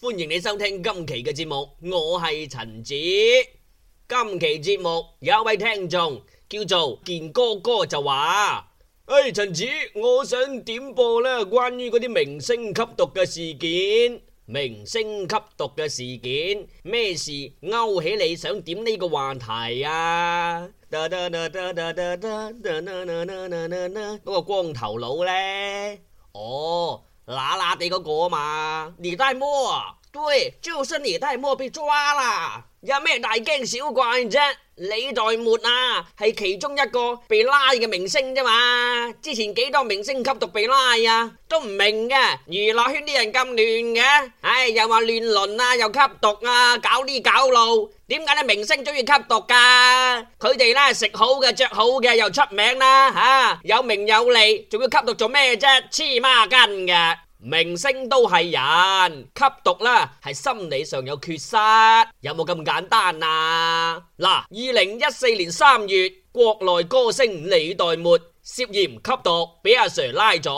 歡迎你收聽今期嘅節目，我係陳子。今期節目有一位聽眾叫做健哥哥就話：誒、hey，陳子，我想點播呢？關於嗰啲明星吸毒嘅事件，明星吸毒嘅事件，咩事勾起你想點呢個話題啊？嗰個光頭佬呢？哦。拉拉地個個嘛，李代沫，對，就是李代沫，被抓啦，有咩大驚小怪啫？李代沫啊，係其中一個被拉嘅明星啫嘛，之前幾多明星吸毒被拉呀、啊，都唔明嘅，娛樂圈啲人咁亂嘅，唉、哎，又話亂倫啊，又吸毒啊，搞呢搞路，點解啲明星中意吸毒噶？佢哋咧，食好嘅着好嘅又出名啦吓，有名有利，仲要吸毒做咩啫？黐孖筋嘅明星都係人，吸毒啦，係心理上有缺失，有冇咁簡單啊？嗱，二零一四年三月，國內歌星李代沫涉嫌吸毒，俾阿 sir 拉咗，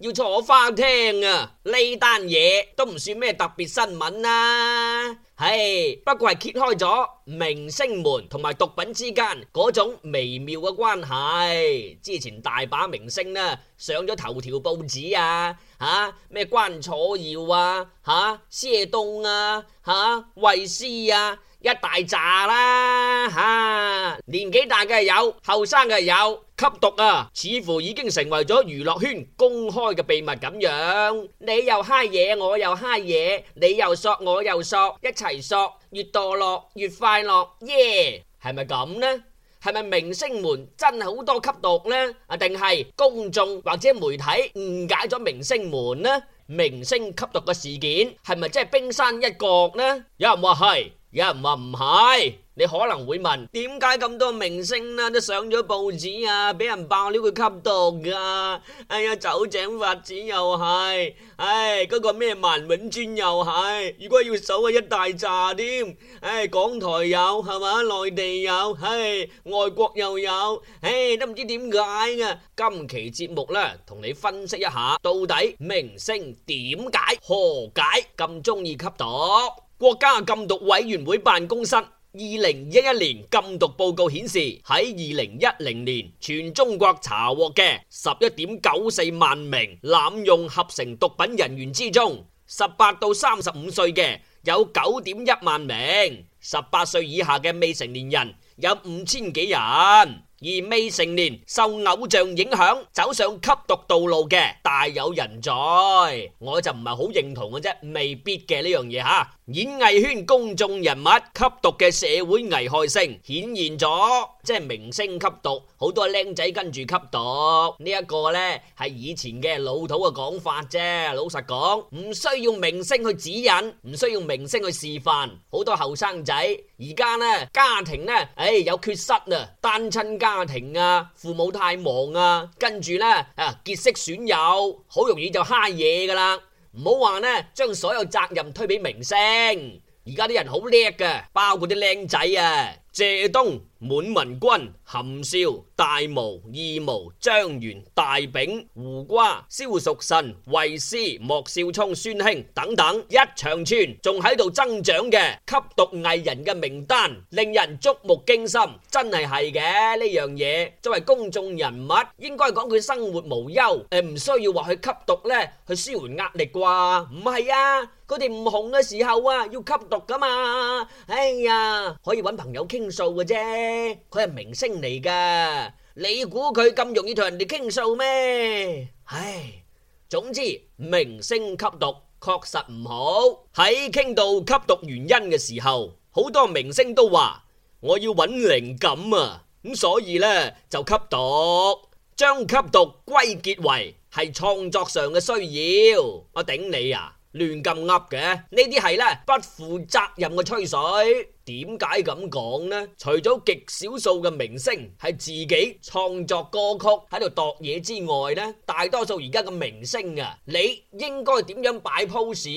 要坐花廳啊！呢單嘢都唔算咩特別新聞啊。係，不過係揭開咗明星們同埋毒品之間嗰種微妙嘅關係。之前大把明星呢，上咗頭條報紙啊，吓咩關楚耀啊，吓謝東啊，吓衛詩啊。一大紮啦吓，年紀大嘅有，後生嘅有，吸毒啊，似乎已經成為咗娛樂圈公開嘅秘密咁樣。你又揩嘢，我又揩嘢，你又索，我又索，一齊索，越墮落越快樂，耶，係咪咁呢？係咪明星們真係好多吸毒呢？啊，定係公眾或者媒體誤解咗明星們呢？明星吸毒嘅事件係咪真係冰山一角呢？有人話係。有人話唔係，你可能會問，點解咁多明星啦都上咗報紙啊，俾人爆料佢吸毒噶哎呀,酒井法子又係，唉,嗰個咩萬永尊又係，如果要數啊一大紮添，唉,港台有係嘛，內地有，唉,外國又有，唉,都唔知點解噶今期節目咧，同你分析一下，到底明星點解何解咁中意吸毒？國家禁毒委員會辦公室二零一一年禁毒報告顯示，喺二零一零年全中國查獲嘅十一點九四萬名濫用合成毒品人員之中，十八到三十五歲嘅有九點一萬名，十八歲以下嘅未成年人有五千幾人，而未成年受偶像影響走上吸毒道路嘅大有人在。我就唔係好認同嘅啫，未必嘅呢樣嘢吓。演藝圈公眾人物吸毒嘅社會危害性顯現咗，即係明星吸毒，好多靚仔跟住吸毒。這個、呢一個呢係以前嘅老土嘅講法啫。老實講，唔需要明星去指引，唔需要明星去示範。好多後生仔而家呢，家庭呢，誒、哎、有缺失啊，單親家庭啊，父母太忙啊，跟住呢，啊結識損友，好容易就蝦嘢㗎喇。唔好話呢，將所有責任推俾明星。而家啲人好叻嘅，包括啲靚仔啊，謝東。滿文軍、含笑、大毛、二毛、張元、大炳、胡瓜、蕭淑慎、魏斯、莫少聰、孫興等等，一長串仲喺度增長嘅吸毒藝人嘅名單，令人觸目驚心。真係係嘅呢樣嘢，作為公眾人物，應該講佢生活無憂，誒、呃，唔需要話去吸毒呢，去舒緩壓力啩？唔係啊，佢哋唔紅嘅時候啊，要吸毒噶嘛？哎呀，可以搵朋友傾訴嘅啫。佢係明星嚟噶，你估佢咁容易同人哋傾訴咩？唉，總之明星吸毒確實唔好。喺傾到吸毒原因嘅時候，好多明星都話我要揾靈感啊，咁所以呢，就吸毒，將吸毒歸結為係創作上嘅需要。我頂你啊！亂咁噏嘅，呢啲係呢，不負責任嘅吹水，點解咁講呢？除咗極少數嘅明星係自己創作歌曲喺度度嘢之外呢，大多數而家嘅明星啊，你應該點樣擺 pose，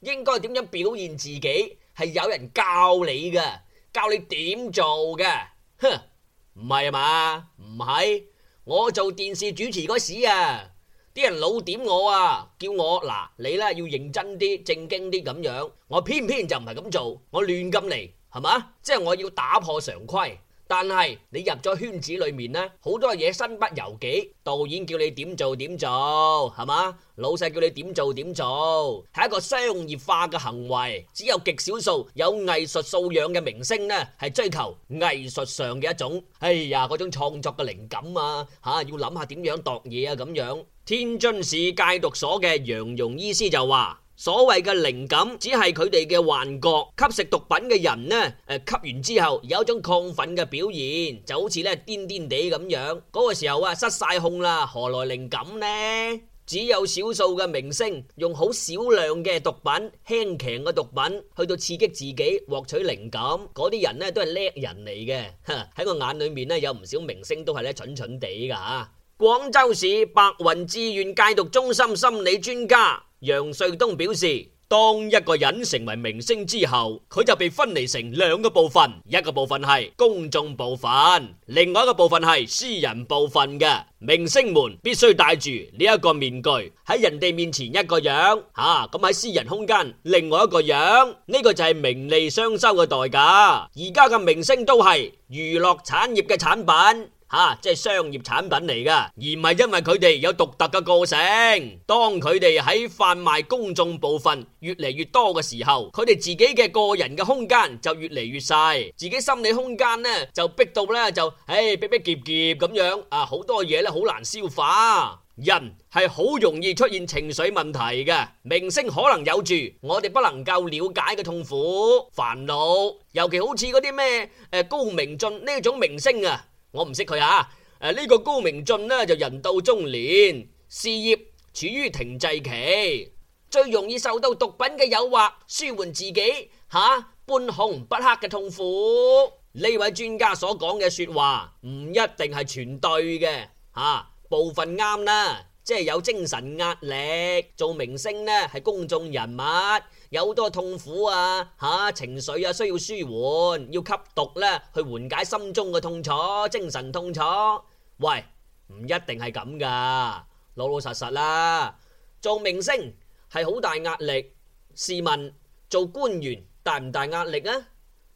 應該點樣表現自己，係有人教你㗎，教你點做嘅，哼，唔係啊嘛？唔係我做電視主持嗰時啊！啲人老點我啊，叫我嗱你咧要認真啲、正經啲咁樣，我偏偏就唔係咁做，我亂咁嚟係嘛？即係我要打破常規。但係你入咗圈子裏面呢，好多嘢身不由己，導演叫你點做點做係嘛？老細叫你點做點做，係一個商業化嘅行為。只有極少數有藝術素養嘅明星呢，係追求藝術上嘅一種，哎呀嗰種創作嘅靈感啊，吓、啊、要諗下點樣度嘢啊咁樣。天津市戒毒所嘅楊蓉醫師就話，所謂嘅靈感只係佢哋嘅幻覺，吸食毒品嘅人呢，誒，吸完之後有一種亢奮嘅表現，就好似咧癲癲地咁樣，嗰個時候啊失晒控啦，何來靈感呢？只有少數嘅明星用好少量嘅毒品，輕強嘅毒品去到刺激自己，獲取靈感。嗰啲人呢都係叻人嚟嘅，喺我眼裏面呢有唔少明星都係咧蠢蠢地噶吓。廣州市白雲志願戒毒中心心理專家楊瑞東表示，當一個人成為明星之後，佢就被分離成兩個部分，一個部分係公眾部分，另外一個部分係私人部分嘅。明星們必須戴住呢一個面具，喺人哋面前一個樣，吓咁喺私人空間另外一個樣。呢個就係名利雙收嘅代價。而家嘅明星都係娛樂產業嘅產品。吓、啊，即係商業產品嚟噶，而唔係因為佢哋有獨特嘅個性。當佢哋喺販賣公眾部分越嚟越多嘅時候，佢哋自己嘅個人嘅空間就越嚟越細，自己心理空間呢就逼到呢就唉逼逼夾夾咁樣啊，好多嘢呢好難消化，人係好容易出現情緒問題嘅。明星可能有住我哋不能夠了解嘅痛苦、煩惱，尤其好似嗰啲咩高明俊呢種明星啊。我唔識佢吓，誒、啊、呢、這個高明俊呢，就人到中年，事業處於停滯期，最容易受到毒品嘅誘惑，舒緩自己吓、啊、半紅不黑嘅痛苦。呢位專家所講嘅說話唔一定係全對嘅吓、啊，部分啱啦，即係有精神壓力，做明星呢，係公眾人物。有好多痛苦啊！嚇、啊、情緒啊，需要舒緩，要吸毒咧、啊、去緩解心中嘅痛楚、精神痛楚，喂，唔一定係咁噶。老老實實啦，做明星係好大壓力。試問做官員大唔大壓力啊？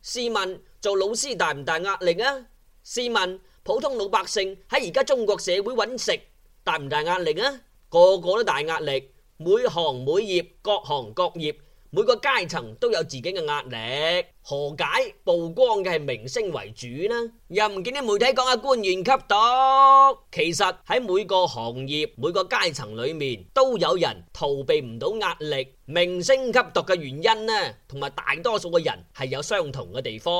試問做老師大唔大壓力啊？試問普通老百姓喺而家中國社會揾食大唔大壓力啊？個個都大壓力，每行每業、各行各業。每個階層都有自己嘅壓力，何解曝光嘅係明星為主呢？又唔見啲媒體講下官員吸毒？其實喺每個行業、每個階層裏面都有人逃避唔到壓力。明星吸毒嘅原因呢，同埋大多數嘅人係有相同嘅地方。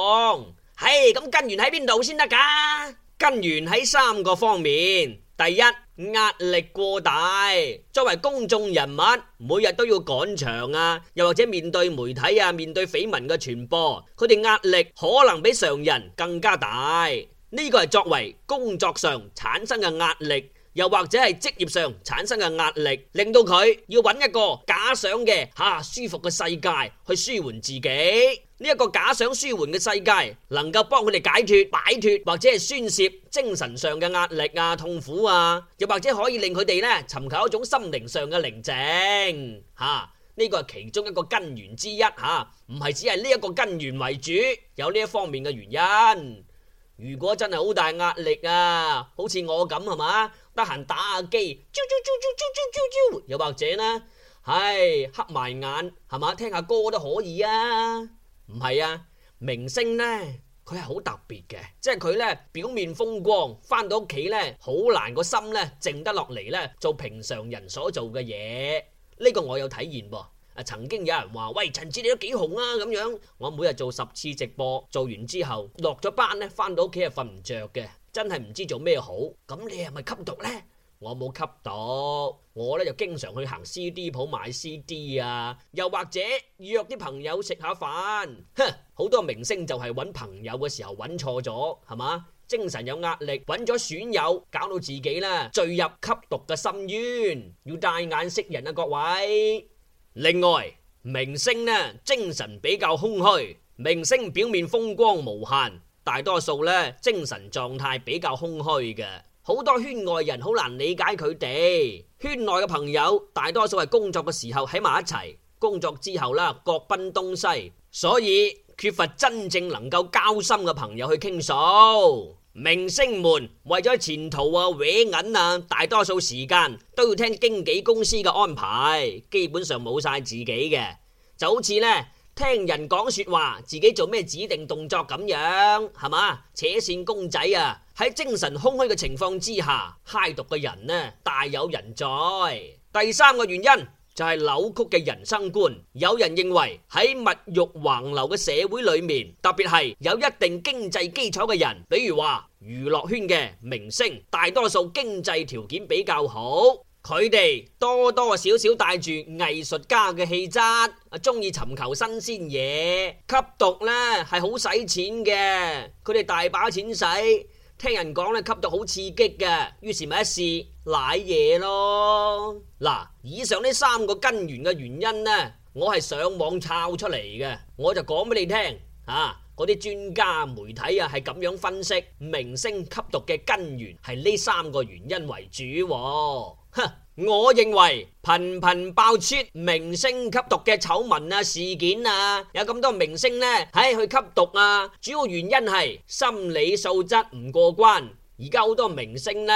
係咁根源喺邊度先得㗎？根源喺三個方面。第一，壓力過大，作為公眾人物，每日都要趕場啊，又或者面對媒體啊，面對緋聞嘅傳播，佢哋壓力可能比常人更加大。呢個係作為工作上產生嘅壓力。又或者係職業上產生嘅壓力，令到佢要揾一個假想嘅吓、啊、舒服嘅世界去舒緩自己。呢、這、一個假想舒緩嘅世界，能夠幫佢哋解脫、擺脫或者係宣泄精神上嘅壓力啊、痛苦啊，又或者可以令佢哋呢尋求一種心靈上嘅寧靜吓。呢、啊這個係其中一個根源之一吓，唔、啊、係只係呢一個根源為主，有呢一方面嘅原因。如果真係好大壓力啊，好似我咁係嘛？得閒打下機，啾啾，又或者呢？唉，黑埋眼係嘛，聽下歌都可以啊。唔係啊，明星呢，佢係好特別嘅，即係佢呢表面風光，翻到屋企呢，好難個心呢靜得落嚟，呢做平常人所做嘅嘢。呢個我有體驗噃。啊，曾經有人話喂，陳子你都幾紅啊咁樣，我每日做十次直播，做完之後落咗班呢，翻到屋企係瞓唔着嘅。真係唔知做咩好，咁你係咪吸毒呢？我冇吸毒，我呢就經常去行 CD 鋪買 CD 啊，又或者約啲朋友食下飯。哼，好多明星就係揾朋友嘅時候揾錯咗，係嘛？精神有壓力，揾咗損友，搞到自己呢，墜入吸毒嘅深淵。要帶眼識人啊，各位。另外，明星呢，精神比較空虛，明星表面風光無限。大多數咧，精神狀態比較空虛嘅，好多圈外人好難理解佢哋。圈內嘅朋友大多數係工作嘅時候喺埋一齊，工作之後啦，各奔東西，所以缺乏真正能夠交心嘅朋友去傾訴。明星們為咗前途啊搲銀啊，大多數時間都要聽經紀公司嘅安排，基本上冇晒自己嘅，就好似呢。聽人講說話，自己做咩指定動作咁樣，係嘛？扯線公仔啊，喺精神空虛嘅情況之下，嗨毒嘅人呢、啊，大有人在。第三個原因就係、是、扭曲嘅人生觀。有人認為喺物欲橫流嘅社會裏面，特別係有一定經濟基礎嘅人，比如話娛樂圈嘅明星，大多數經濟條件比較好。佢哋多多少少帶住藝術家嘅氣質，中意尋求新鮮嘢。吸毒呢係好使錢嘅，佢哋大把錢使。聽人講咧，吸毒好刺激嘅，於是咪一試瀨嘢咯。嗱，以上呢三個根源嘅原因呢，我係上網抄出嚟嘅，我就講俾你聽嚇。啊，嗰啲專家媒體啊，係咁樣分析明星吸毒嘅根源係呢三個原因為主。哈！ 我認為頻頻爆出明星吸毒嘅醜聞啊、事件啊，有咁多明星呢，喺、哎、去吸毒啊，主要原因係心理素質唔過關。而家好多明星呢，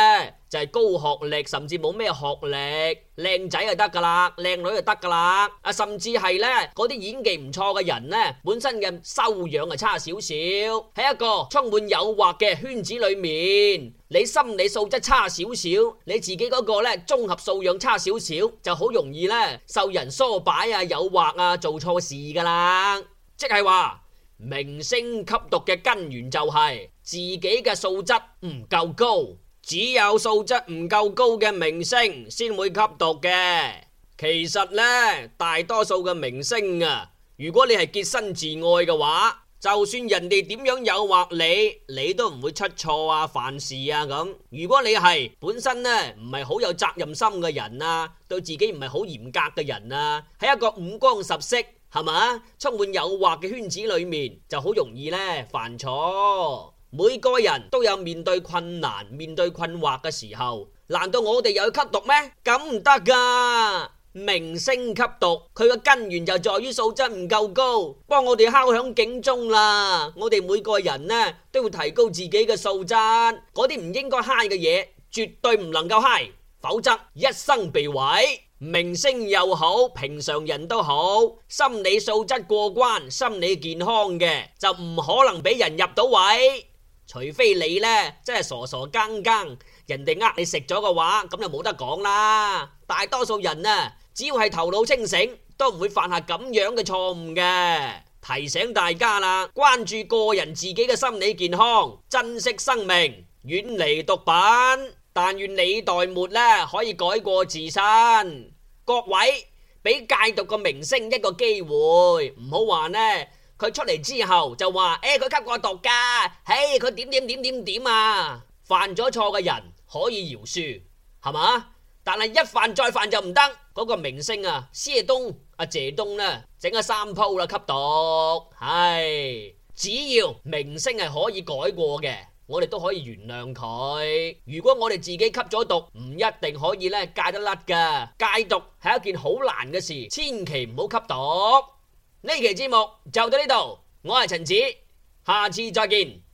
就係高學歷，甚至冇咩學歷，靚仔就得噶啦，靚女就得噶啦，啊，甚至係呢嗰啲演技唔錯嘅人呢，本身嘅修養啊差少少，喺一個充滿誘惑嘅圈子裏面，你心理素質差少少，你自己嗰個呢綜合素養差少少，就好容易呢受人唆擺啊、誘惑啊，做錯事噶啦，即係話明星吸毒嘅根源就係，自己嘅素質唔夠高，只有素質唔夠高嘅明星先會吸毒嘅。其實呢，大多數嘅明星啊，如果你係潔身自愛嘅話，就算人哋點樣誘惑你，你都唔會出錯啊、犯事啊咁。如果你係本身呢唔係好有責任心嘅人啊，對自己唔係好嚴格嘅人啊，喺一個五光十色係咪充滿誘惑嘅圈子裏面，就好容易呢犯錯。每個人都有面對困難、面對困惑嘅時候，難道我哋又要吸毒咩？咁唔得噶！明星吸毒，佢嘅根源就在於素質唔夠高，幫我哋敲響警鐘啦！我哋每個人呢都會提高自己嘅素質，嗰啲唔應該嗨嘅嘢絕對唔能夠嗨，否則一生被毀。明星又好，平常人都好，心理素質過關、心理健康嘅就唔可能俾人入到位。除非你呢真係傻傻更更，人哋呃你食咗嘅話，咁就冇得講啦。大多數人啊，只要係頭腦清醒，都唔會犯下咁樣嘅錯誤嘅。提醒大家啦，關注個人自己嘅心理健康，珍惜生命，遠離毒品。但願李代沫呢可以改過自身。各位俾戒毒嘅明星一個機會，唔好話呢。佢出嚟之後就話：誒，佢吸過毒㗎，嘿，佢點點點點點啊！犯咗錯嘅人可以饒恕，係嘛？但係一犯再犯就唔得。嗰個明星啊，謝東，阿謝東呢，整咗三鋪啦，吸毒，唉，只要明星係可以改過嘅，我哋都可以原諒佢。如果我哋自己吸咗毒，唔一定可以呢戒得甩㗎。戒毒係一件好難嘅事，千祈唔好吸毒。呢期節目就到呢度，我係陳子，下次再見。